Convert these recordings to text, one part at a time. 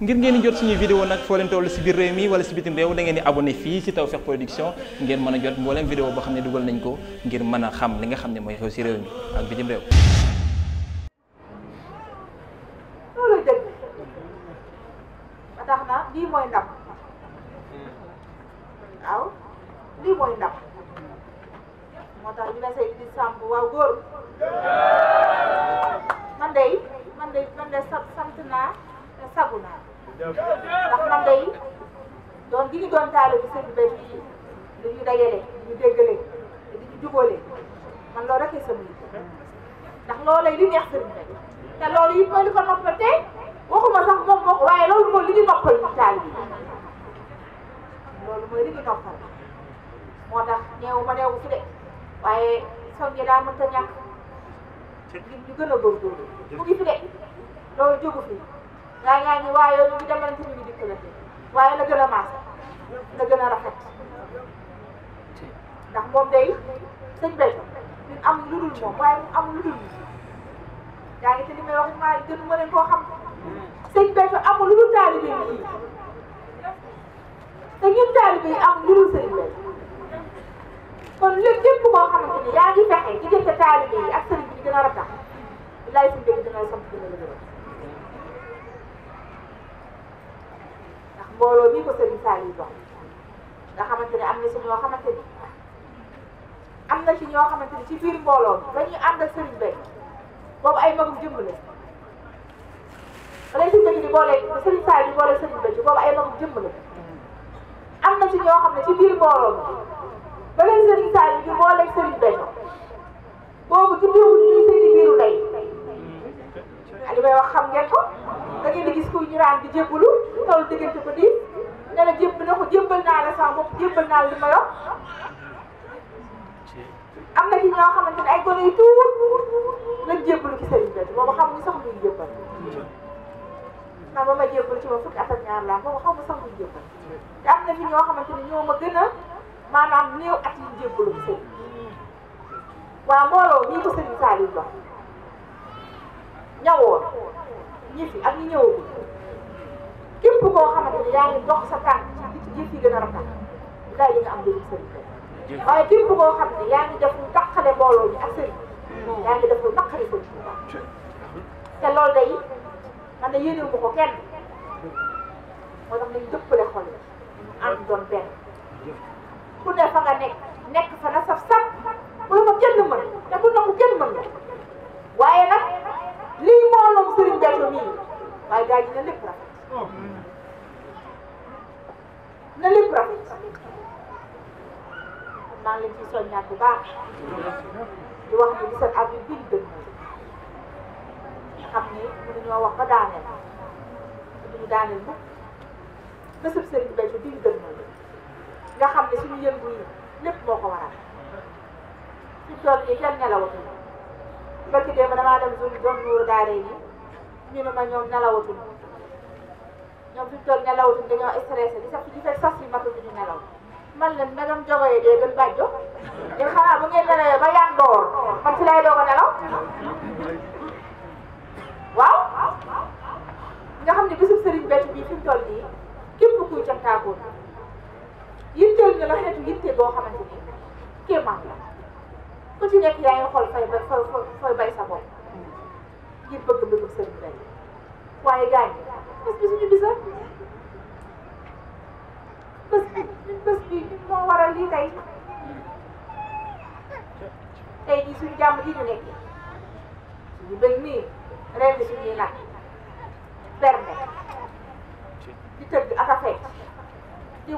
ngir ngeen jot suñu vidéo nag foo toll si biir réew mi wala si bitim réew da ngeen di abonné fii si Tawfekh Production ngeen mën a jot mbooleem vidéo boo xam ne dugal nañ ko ngir mën a xam li nga xam ne mooy xew si réew lii mooy ndam moo tax ñu ne say di sàmb waaw góor man day man man de sant naa ndax man day doon gi doon taale bi sëñ bi di ñu dajale di ñu déggale di ñu jubóole man loolu rek sama liggéey ndax loolay li neex sëriñ bi te loolu yi mooy li ko noppal tey waxuma sax moom moo waaye loolu mooy li ñu noppal ñu taal bi loolu mooy moo tax néew ma néew fi de waaye soññe daa mënta ñàkk ngir ñu gën a góorgóorlu mu ngi fi de loolu jógu fi yaa ngi ni waaye ñu ngi demante ñu ngi dikkalante waaye na gën a maas na gën a rafet ndax moom day sëñ béy ñun am lu dul moom waaye mu am lu dul yaa ngi te li may wax maa ngi gën ma leen koo xam sëñ béy amul lu dul taalibe yi te ñun taalibe yi am lu dul sëñ béy kon lépp képp koo xamante ni yaa ngi fexe diggante taalibe yi ak sëriñ bi gën a rafet bilaay sëñ béy dina sant gën a mbooloo bii ko Serigne Saliou dox nga xamante ne am na si ñoo na si ñoo xamante ni ci biir mbooloo bi ba ñuy ànd boobu ay magum jëmm la léegi nag ñu boole Serigne ay magum jëmm la am na si ñoo xam ne ci biir mbooloo bi ba léegi Serigne Saliou ñu boole Serigne boobu ci biiru ñuy seen biiru may wax xam ngeen ko. da ngeen gis kuy ñëwaan di jébbalu toll diggante ko di ne la jébb na ko jébbal naa la sama bopp jébbal naa la li ma yor am na ki ñoo xamante ne ay gone yu tuut lañ jébbalu ci sëriñ bi boobu xamuñu sax muy jébbal man ba ma jébbalu ci ma fukki at ak laa boobu xamuñu sax muy jébbal te am na ci ñoo xamante ne ñoo ma gën a maanaam néew at yi jébbalu ci sëriñ waaw mbooloo mii ko sëriñ Saliou wax ñawoon yëf yi ak ñi ñëwagul képp koo xamante ne yaa ngi dox sa tànk ci yëf yi gën a rafet daal di nga am njëriñ sëriñ bi waaye képp koo xam ne yaa ngi def lu mbooloo bi ak sëriñ yaa ngi def lu ko ci te loolu day man de yéene wu ko kenn moo tax nañ dëppale xol yi ànd doon benn ku ne nga nekk nekk fa na saf saf bu la fa kenn mën te ku nangu kenn mën waaye nag. lii mbooloom Serigne Béthio mii waaye gars yi na lépp rafet na lépp rafet maa ngi leen ciy soññaat bu baax di wax ni gisal ak yu biir dëgg xam ni mënuñoo wax ba daaneel duñu daaneel mukk bésub Serigne Béthio biir dëgg nga xam ne suñu yëngu yi lépp moo ko waral fi tool yi kenn nelawatuñu bëgg dee ba damaa dem suñu doom nuuru daara yi ñu ne ma ñoom nelawatul ñoom fi mu toll nelawatul dañoo stressé di sax di fekk sax si matul ñu nelaw man leen ndagam jogoyee dee gën bàjjo te xanaa bu ngeen nelawee ba yaan door man si lay doog a nelaw waaw nga xam ne bisub sëriñ bi bii fi mu toll nii képp kuy cantaakoon yitteel nga la xeetu yitte boo xamante ni ku ci nekk yaa ngi xool fay ba fooy fooy sa bopp ngir bëgg bëgg seen mbéy waaye gars yi bi suñu bisa bés bi bés bi moo waral lii tey tey jii suñu jàmm ji ñu nekk suñu bëgg nii ren bi suñuy nag bernde di tëgg ak a fecc di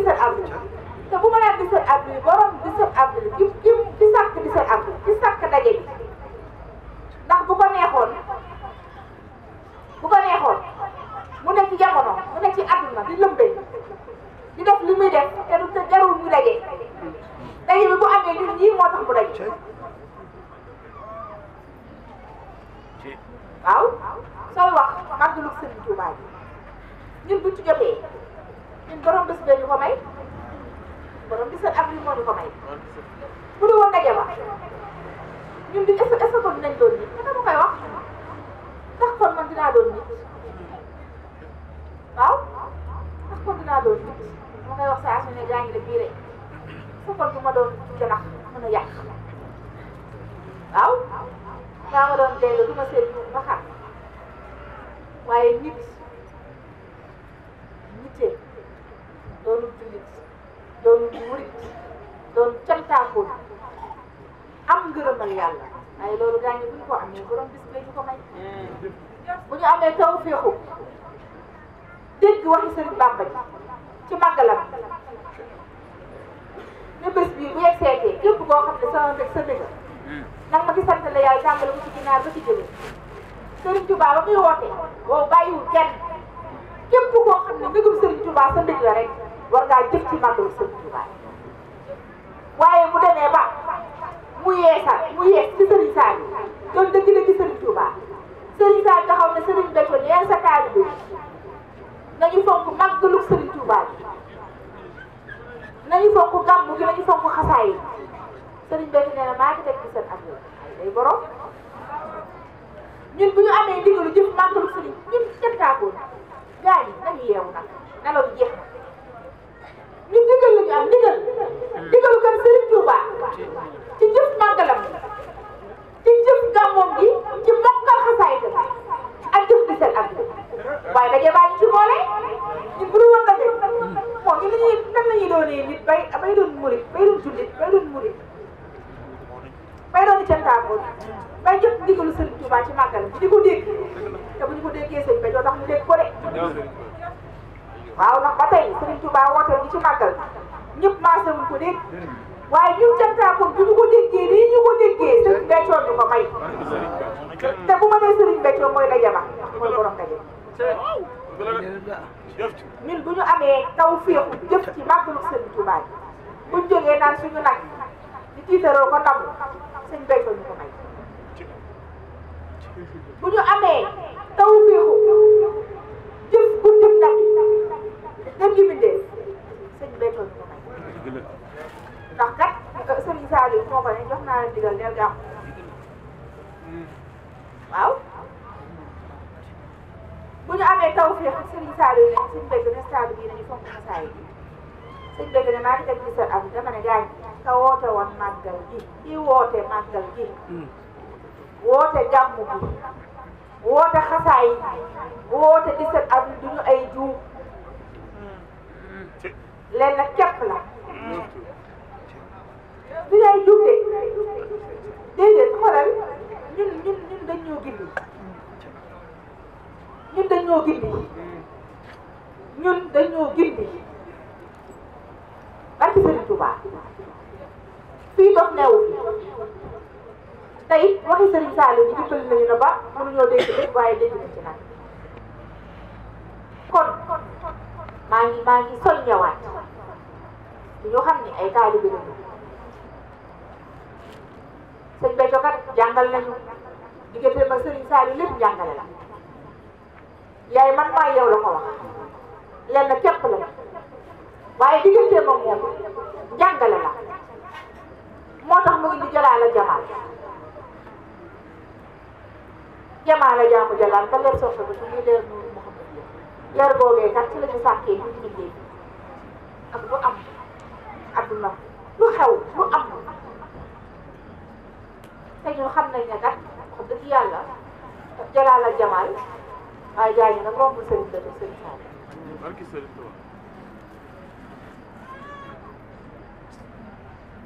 Bisir Abdoulaye te bu ma laa Bisir Abdoulaye borom Bisir Abdoulaye ki ki ki sàkk Bisir Abdoulaye ki sàkk daje bi ndax bu ko neexoon bu ko neexoon mu ne ci jamono mu ne ci àdduna di lëmbee di def li muy def te du jarul ñu daje daje bi bu amee ñun moo tax bu daje waaw sooy wax màggalu Sëriñ Tuubaa bi ñun bu ci jotee. borom bés bee ñu ko may borom bés ak avril ko may. bu dul woon daje ba ñun duñ est ce que kon dinañ doon nit te dama man dinaa doon nit waaw tax ma koy wax saa su ne gaa ngi ne bii rek ma doon janax mën a yàq waaw daa ma doon delloo du ma seetlu ma xam waaye nit. muy woote wow bàyyiwul kenn képp koo xam ne mbégum Serigne Touba sa mbég la rek war ngaa jëf ci màggalu jox ñu leen ko de waaw nag ba tey Serigne Touba woote ñu ci màggal ñëpp maasé wuñ ko dégg waaye ñun jantaa ko bu ñu ko déggee nii ñu ko déggee Serigne Béthio ñu ko may te bu ma nee Serigne Béthio mooy la yama mooy borom daje ñun bu ñu amee taw féexu jëf ci màggalu Serigne Touba bi buñ jógee naan suñu nag di tiitaroo ko ndam Serigne Béthio ñu ko may bu ñu amee taw féexu jëf ku jëf ndax gën gi bindee sëñ Béthio bi ko may ndax kat euh, sëriñ Saliou moo ko ne jox naa leen digal del gaaw waaw bu ñu amee tawfeex ak sëriñ Saliou ne sëñ Béthio ne Saliou bii nañu fonk xasaay bi sëñ Béthio ne maa ngi teg ci sa am dama ne gaañ ka woote woon màggal gi ki woote màggal gi hmm. woote gàmmu gi woote xasaay woote 17 avril duñu ay juum leen na képp la duñu ay juum de déedéet xoolal ñun ñun ñun dañoo gindi ñun dañoo gindi ñun dañoo gindi barki Sëriñ Tuubaa fii dox newu tey waxi sëriñ Saliou yi dimbali nañu na ba mënuñoo dégg lépp waaye dégg na ci nag kon maa ngi maa ngi soñ ñëwaat di ñu xam ni ay taalibe lañu sëñ Béthio kat jàngal nañu diggante ma sëriñ Saliou lépp jàngale la yaay man maay yow la ko wax lenn képp la waaye diggante ma moom jàngale la moo tax mu indi jalaala jamaal jamaala jaamu jalaal ba leer soxla ko suñuy leer nuur Muhammad leer boobee kat ci la ñu sàkkee ñu liggéey ak lu am adduna lu xew lu am te ñu xam nañ ne kat wax dëgg yàlla jalaal ak jamaal waaye jaay ñu nag romb sëriñ la def sëriñ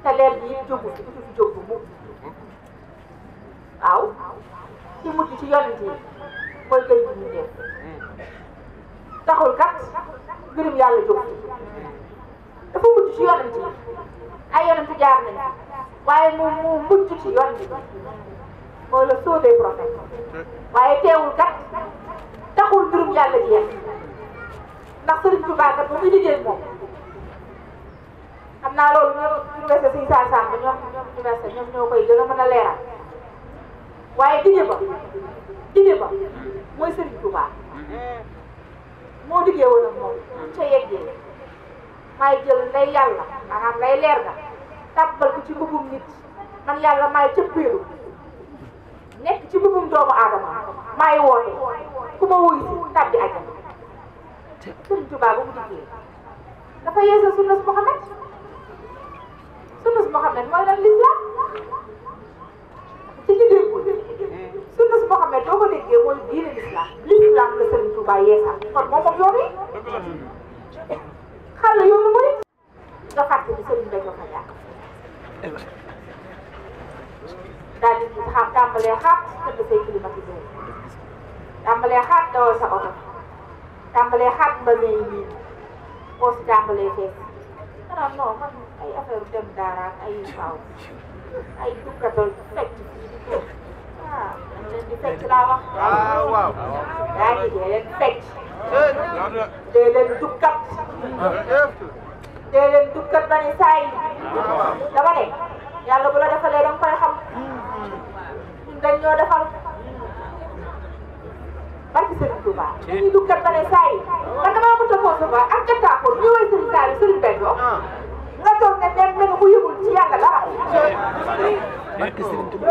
Saal te leer bi jógu fi jógu mu waaw ci mujj ci yonent yi mooy tey bu ñu dee taxul kat gërëm yàlla jóg dafa mujj ci yonent yi ay yonent jaar nañ waaye moom moo mujj ci yonent yi mooy le sceau des prophètes waaye teewul kat taxul gërëm yàlla jeex ndax Sëriñ Tuubaa kat ba muy liggéey moom xam naa loolu ñoom université Sëriñ Saar Samb ñoom université ñoom ñoo koy gën a mën a leeral waaye dige ba dige ba mooy Serigne Touba moo diggee woon ak moom ca yeggee maay jël lay yàlla maanaam lay leer ga tàbbal ko ci mbubum nit man yàlla maay cëppeelu nekk ci mbubum doomu aadama maay woote ku ma wuyu si tàbbi ajam Serigne Touba ba mu diggee dafa yeesal sunnas Muhammad sunnas Muhammad mooy lan l'islam Touba yeesa kon moo moom yoon yi xam na yoonu mooy nga fàtte bi Serigne Béthio fa jaar daal di xam tàmbalee xaat tëdd say climatiseur tàmbalee xaat dawal sa oto tàmbalee xaat mbamee yi nii poos tàmbalee fees dara non man ay affaire dem daara ay faaw ay dukkatol fekk waaw di fecc laa wax. waaw ah, waaw. yaa ngi dee dukkat. Ah, eh, dee leen dukkat ba ni saa yi. Ah, dama ne yàlla bu la defalee da nga koy xam. ñun dañ ñoo defal. barki Serigne Touba. Eh. ñuy dukkat ba ni saa yi. man damaa mënut a concevoir ak jota ko ñu wër Serigne Saliou Serigne Béthio. nga toog ne dem mel ni ku yëgul ci yàlla dara. barki Serigne Touba.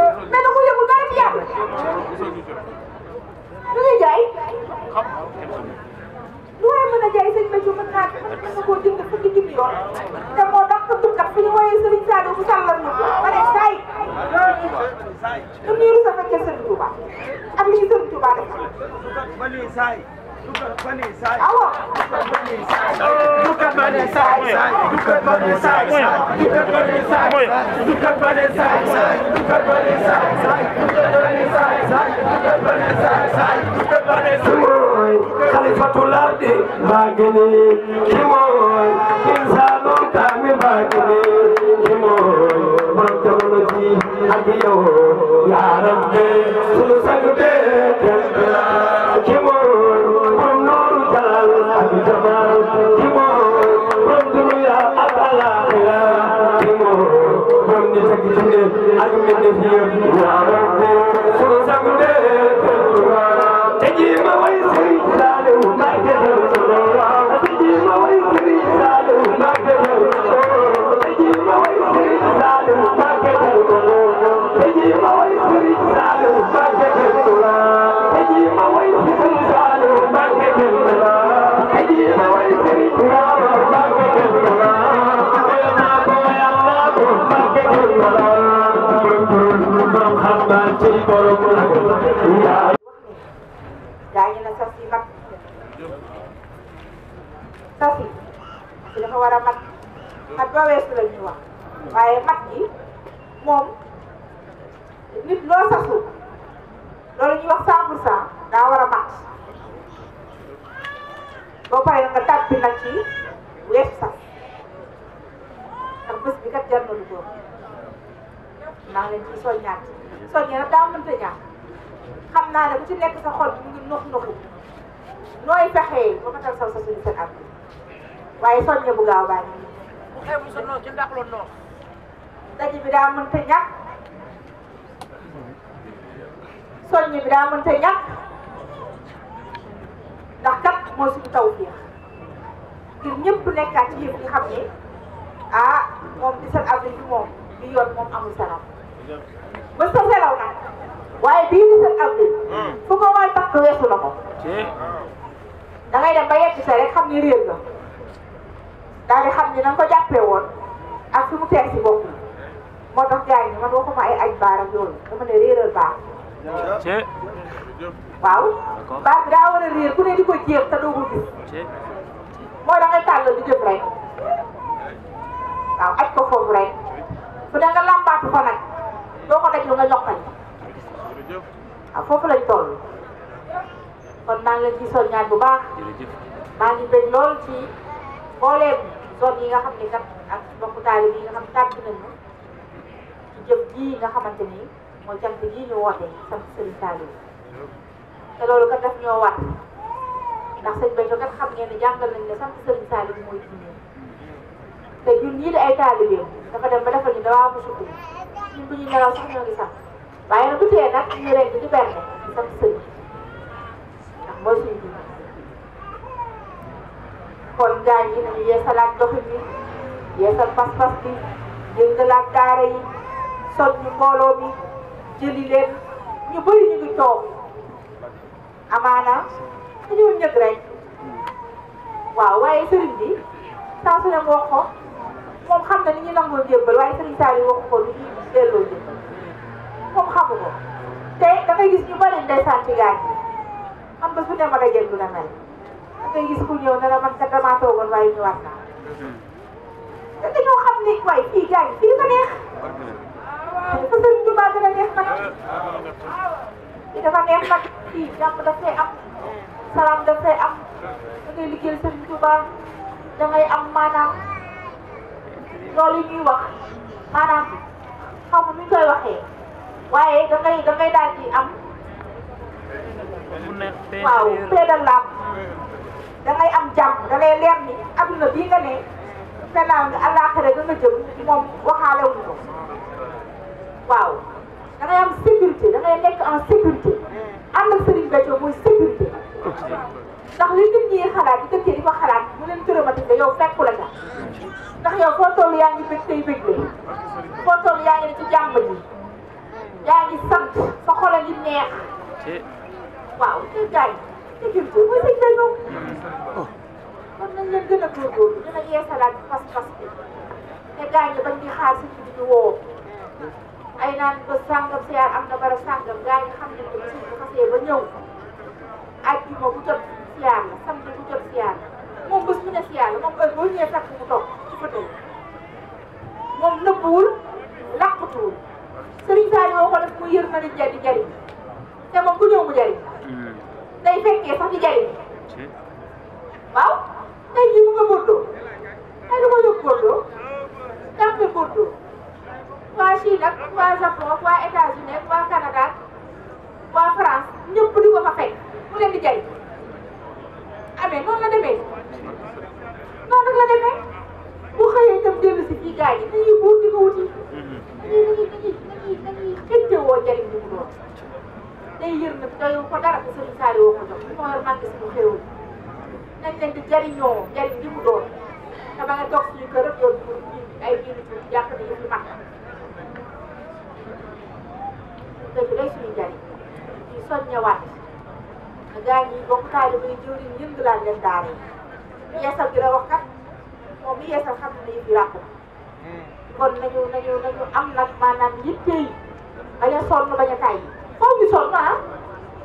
bale saay dugal bale saay dugal bale saay dugal bale saay dugal bale saay dugal bale saay dugal bale saay dugal bale saay daañu ne sas yi mag sas yi si dafa war a mat mat ba weesu la ñuy wax waaye mat gi moom nit loo sasu loolu ñuy wax cent sa cent daa war a mat boo paree nga tàbbi nag ci weesu sas ndax bés bi kat jar na lu góor naa so ci so soññee nag daa mënta ñaar xam naa ne bu ci nekk sa xol mu ngi nux nuxi nooy fexee ba matal saw sa suñu seen am waaye soññe bu gaaw baa ngi bu sa noos ci ndax loolu noos daje bi daa mënta ñàkk soññe bi daa mënta ñàkk ndax kat mooy suñu taw fii ngir ñëpp nekkaat ci yëf yi xam ne ah moom di seen abri bi moom di yoon moom amul salaam ba sa selaw waaye bii di seen am lii waay takk weesu na ko da ngay dem ba yegg sa rek xam ni réer nga daal di ni na ko jàppee woon ak fi mu teg moo tax gars yi man waxuma ay aj baar ak yooyu ne réeral baax waaw baax bi daa war a réer ku ne di ko jéem te doo ko gis mooy da ngay tàll di jëm rek waaw aj ko foofu rek bu da nga làmbaatu fa doo ko daj lu nga jox nañ ak foofu lañ toll kon maa ngi leen ci sol ñaan bu baax maa ngi bëgg lool ci mbooleem zone yi nga xam ne kat ak mbokku taalib yi nga xam tàgg nañu ci jëf jii nga xamante ni mooy jant jii ñu woote sant sëriñ taalib te loolu ko def ñoo war ndax sëñ Béthio kat xam ngeen ne jàngal nañ ne sant sëriñ taalib mooy diine te ñun ñii di ay taalibeem dafa dem ba defal ñu dawaa ko sukkandiku ñun bu ñu nelaw sax ngi sax waaye nag bu tee nag ñu rey bi di benn sam sëñ ndax mooy suñu bi kon gaañ yi nañu yeesalaat doxin bi yeesal pas-pas bi yëngalaat daara yi soñ ñu mbooloo bi jëli leen ñu bëri ñu ngi toog amaana dañoo ñëg rek waaw waaye sëriñ bi saa su ne wax ko moom xam na li ñu nangoo jébbal waaye Serigne Saliou waxu ko lu ñuy delloo jébbal moom xamu ko te da ngay gis ñu bari ndeysaan ci gaañ xam nga su ne ma dajeel du la mel da ngay gis ku ñëw ne la man kat damaa toogoon waaye ñëwaat naa te dañoo xam ni waaye fii gaañ fii ko neex dafa Serigne Touba gën a neex nag fii dafa neex nag fii jàmm daf fay am salaam daf fay am da ngay liggéeyal Serigne Touba da ngay am maanaam loolu yi ñuy wax maanaam xaw ma nu ñu koy waxee waaye da ngay da ngay daal di am waaw péedal laam da ngay am jàmm da ngay leer ni adduna bii nga ne fenaan nga àllaaxira ga nga jëm moom waxaale wuñu ko waaw da ngay am sécurité da ngay nekk en sécurité ànd ak Serigne Béthio mooy sécurité ndax li nit ñi xalaat di dëkkee di ko xalaat mu leen tërëmati nga yow fekku la nga ndax yow foo toll yaa ngi bëgg tey bëgg de foo toll yaa ngi ne ci jàmb ji yaa ngi sant sa xol a ngi neex waaw kii gars yi kii bi mooy sëñ Bello kon nañ leen gën a góorgóorlu gën a yeesalaat pas-pas bi te gars yi bañ di xaar si ñu di woo ay naan ba sàngam sa yaar am na bara sàngam gars yi xam nañ ko ba suñu xasee ba ñëw àjjuma bu jot siyaar la samedi bu jot siyaar la moom bés bu ne siyaar la moom heure boo ñëwee takk mu toog. làqatuwul moom nëbbuwul làqatuwul sëriñ Saaliw woo ko def muy yër na di jari jariñ te moom ku ñëw mu jariñ hmm. day fekkee sax di jariñ waaw tey jii mu nga Bordeaux tey du ma yóbbu Bordeaux tàmpe Bordeaux waa Chine ak waa Japon ak waa États-Unis ak waa Canada ak waa France ñëpp di ko fa fekk mu leen di jariñ amee noonu la demee noonu la demee ñuy jaay yi dañuy buur di ko wuti dañuy dañuy dañuy dañuy xëcce woo jëriñ bi mu doon day yër na doyu ko dara te sëriñ Saali woo ko jox li ma war a manqué suñu xéewal nañ leen di jëriñoo jëriñ bi mu doon te ba nga toog suñu kër rek yoon pour ay jiitu ci jàpp ne yëf yi mag dëgg day suñu njëriñ ñu soññewaat gaa ñi bokk taalibe yi jëriñ yëngu laa leen daara yeesal gi la wax kat moom mi yeesal xam ne yëf yi ràpp kon nañu nañu nañu am nag maanaam yitte yi bañ a sonn bañ a tay foofu ñu sonn ah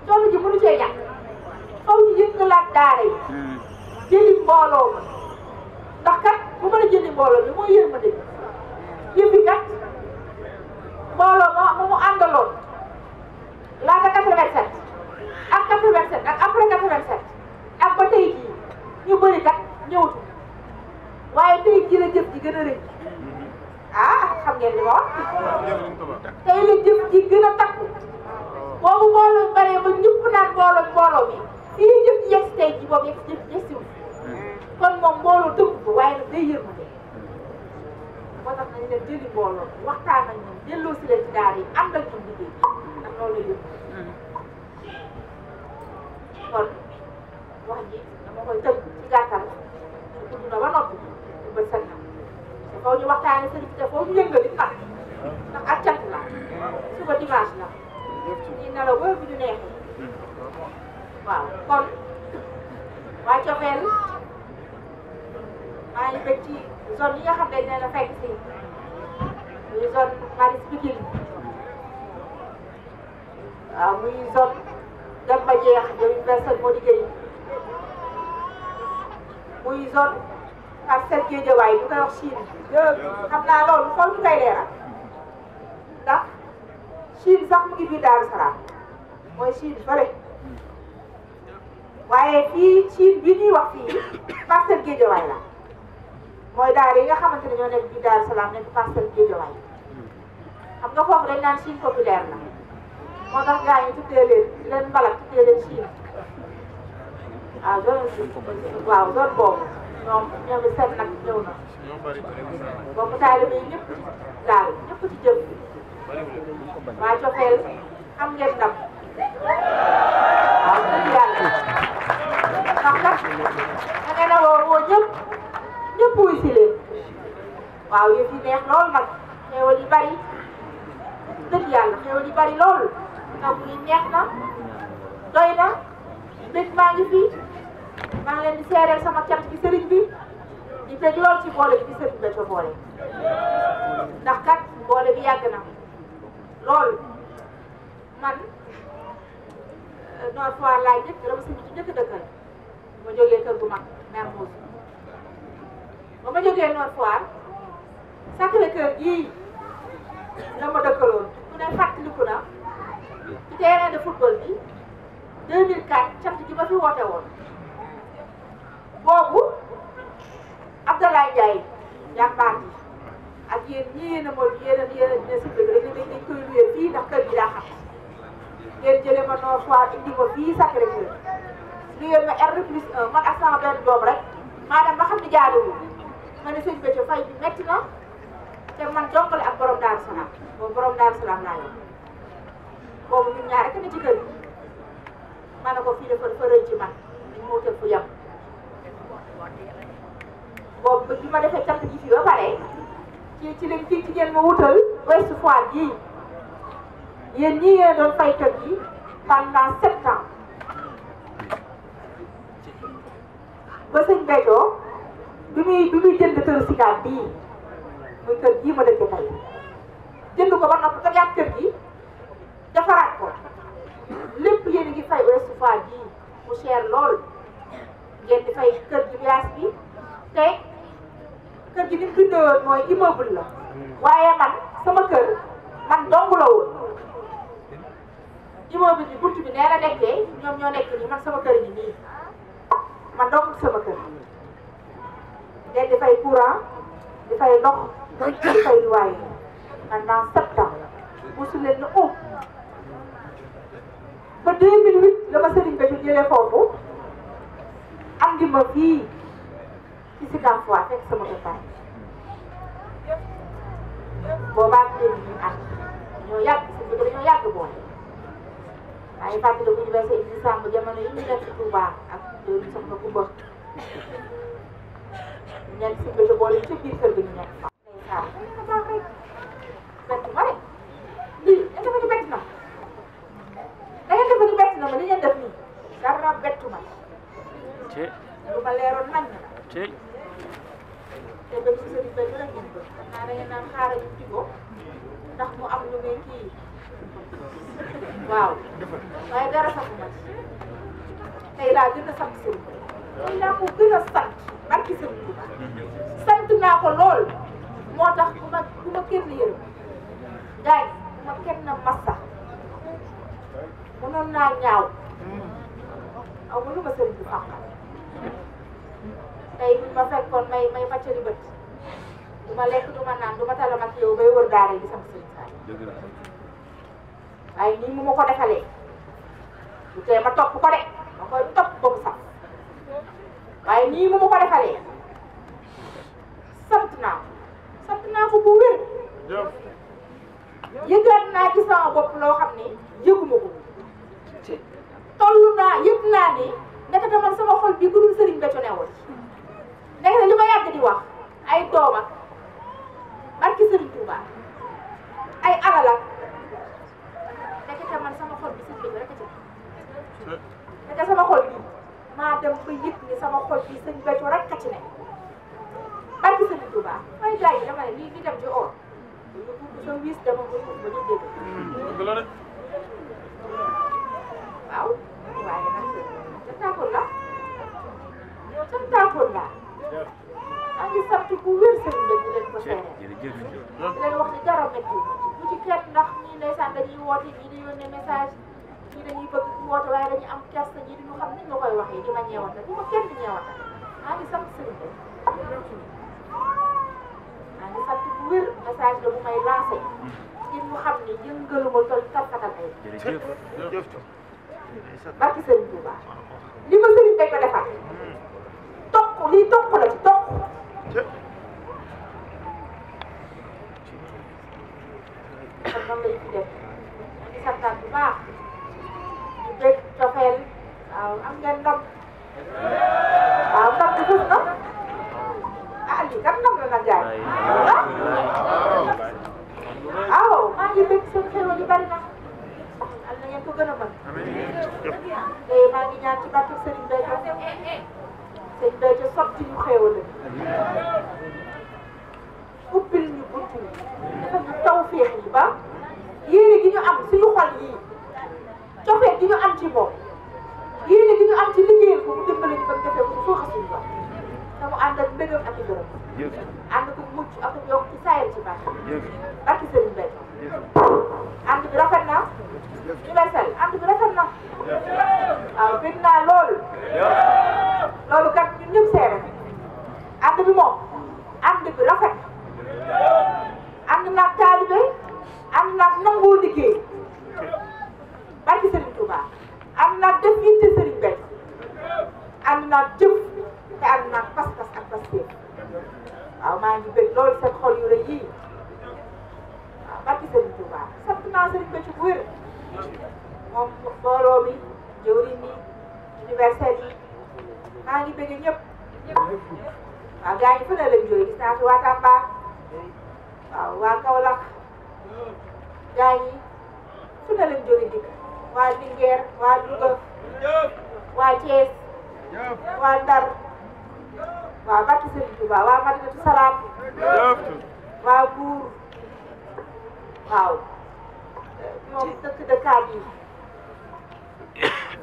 sonn ji mënu cee ñàkk foofu ñu yëngalaat daara yi jëli mbooloo ma ndax kat bu mën a jëli mbooloo bi mooy yërmande waaw kon waaye cofeel maa ngi zone yi nga xam ne nee na muy zone Maris Pikine waaw muy zone dem jeex jëm personne moo liggéey muy zone Parcelles Guédiawaye ñu koy wax Chine xam naa loolu foog ñu koy leeral ndax Chine sax mu ngi fii Daaru mooy Chine fële waaye fii ci bi ñuy wax fii Parcelles Guédiawaye la mooy daara yi nga xamante ne ñoo nekk bi Daaru Salaam nekk Parcelles Guédiawaye xam nga foofu dañ naan Chine populaire la moo tax gars yi tuddee leen leen mbalak tuddee a Chine waaw ah, zone waaw zone boobu ñoom ñoom seen nag ñëw na boobu taalibe yi ñëpp ci daal ñëpp ci jëm waa Jofeel am ngeen ndam waaye bi gërëm si bi ci dëkkal ma jógee kër gu mag Mermoz ba ma jógee Nord Foire Sacré-Cœur gii la ma dëkkaloon ku ne fàttaliku na ci terrain de football bi 2004 cant gi ma fi woote woon boobu Abdoulaye Ndiaye jàmbaar bi ak yéen ñi yéen a mool yéen a yéen a dina dañ koy luyee fii ndax kër gi daa ngeen jëlee ma non soit indi ko fii Sacré-Cœur liggéey ma R plus 1 man ak sama benn doom rek maanaam ba xam ma ne sëñ Béthio fay bi métti na te man jokkale ak borom Daaru Salaam boobu borom Daaru Salaam laa yor boobu ñun ñaar rek ne ci kër gi ma ne ko fii dafa dafa rëy ci man dañ ma wutal fu yem boobu bi ma defee cant ji fii ba pare ci ci lañ ci jigéen ma wutal Ouest Foire gii. yéen ñii yéen doon faykat yi pendant sept ans ba sëñ Béthio bi muy bi muy jënd kër Sicap bii muy kër gii ma dëkk tey jënd ko ba noppi dajaat kër gi defaraat ko lépp yéen ngi fay Ouest Foire bii mu cher lool ngeen di fay kër gi village bi te kër gi li mu bindoo mooy immeuble la hmm. waaye man sama kër man dong la woon immeuble bi buntu bi nee na nekkee ñoom ñoo nekk nii man sama kër gi nii man dong sama kër ne di fay di fay ndox di fay luwaay pendant sept ans mosu leen na um ba 2008 la ma sëriñ ba ci jëlee foofu andi ma fii ci Sicap Foire fekk sama kër boobaa ak léegi ñu Touba ak Soxna Coumba laa gën a ko lool moo tax bu ma bu ma kenn yërëm gars yi bu naa ñaaw aw ma lu ma Serigne ma fekkoon may may fàccali bët du ma lekk du ma naan du ma talam ak yow bay wër daara yi sama Serigne Touba ma ko defalee ko de. ma koy topp ba mu waaye nii mu ma ko defalee sant naa sant naa ko bu wér yëgaat naa ci sama bopp loo xam ne yëguma ko tollu naa yëg naa ni ndekete man sama xol bi ku dul sëriñ Béthio newul ndekete li ma yàgg di wax ay doom sëriñ Touba ay alal ak ndekete sama ca sama xol bi maa dem ba yëg ni sama xol bi sëñ Béthio rek a ci ne barki sëñ Touba mooy gars yi dama ne lii ñu dem ci or sa wiis dama ko ba ñu dégg waaw waaye nag santaakoon la santaakoon la maa ngi sant bu wér sëñ bi ñu leen ko seere di leen wax ni dara métti bu ci kenn ndax ñii ndeysaan dañuy woote ñii di yónnee message dañuy bëgg di woote waaye dañuy am kersa ñi duñu xam ni ñu koy waxee di ma ñeewante bu ma kenn ñeewante maa ngi sant sëriñ bi maa ngi sant bu wér message la bu may lancé ngir ñu xam ni yëngaluma tol tarkatal ay barki sëriñ Touba li ma sëriñ day ko defal tokk lii tokk la ci tokk kon man lay fi def di santaat bu baax bég cofeel waaw am ngeen ndam waaw ndam bi gis nga ah lii kat ndam la nag gars yi ah waaw maa ngi bég seen xéwal yi bari na am na ngeen ko gën a mën léegi maa ngi ñaan ci barke Serigne Béthio Serigne Béthio sotti ñu xéwal ubbil ñu buntu dafa ñu taw féex yi ba yéene gi ñu am suñu xol yi tawfeex gi ñu am ci moom yéene gi ñu am ci liggéeyal ko mu dimbale ñu ba defee ko foo xasul ba te mu ànd ak mbégam ak i gërëm ànd ko mucc ak yokk ci saayal ci baax barki sëriñ Bay ànd bi rafet na ñu lay sell ànd bi rafet na waaw bëgg naa loolu loolu kat ñun ñëpp seere ànd bi moom ànd bi rafet ànd naag taalibe ànd naag nangoo liggéey barki Touba am naa def yitte Serigne Beck am naa jëf te am naa pas-pas ak pas-pas waaw maa ngi bëgg loolu seen xol yu rëy yii waaw barki Serigne Touba sant naa Serigne Beck bu wér moom mbooloo mi jëwriñ yi universel yi maa ngi bëgg ñëpp waaw gars yi fële lañ jógee gis naa fi waa Tamba waaw waa Kaolack gars yi fële lañ jógee dikk waa Linguère waa Louga waa Thiès waa Ndar waa Bakki Serigne Touba waa Madinatu Salaam waa Mbour waaw ñoom dëkk dëkkaat yi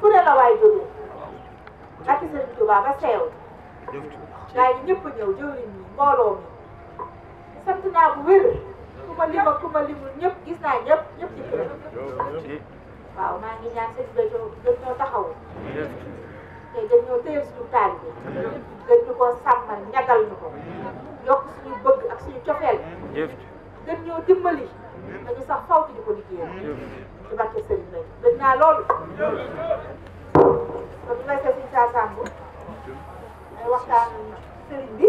fu ne la waay jógee Bakki Serigne Touba ba seew gaa yi ñëpp ñëw jëwriñ ñi mbooloo mi sant naa bu wér ku ma lima ku ma limul ñëpp gis naa ñëpp ñëpp ci waaw maa ngi ñaan sëñ bi gën ñoo gën ñoo taxaw te gën ñoo suñu taal bi gën ñu koo sàmmal ñagal ñu ko yokk suñu bëgg ak suñu cofeel gën ñoo dimbali dañu sax faw di ko liggéeyal ci barke sëñ bi gën naa loolu kon ñu may ko suñu saa sàmbu waxtaan sëriñ bi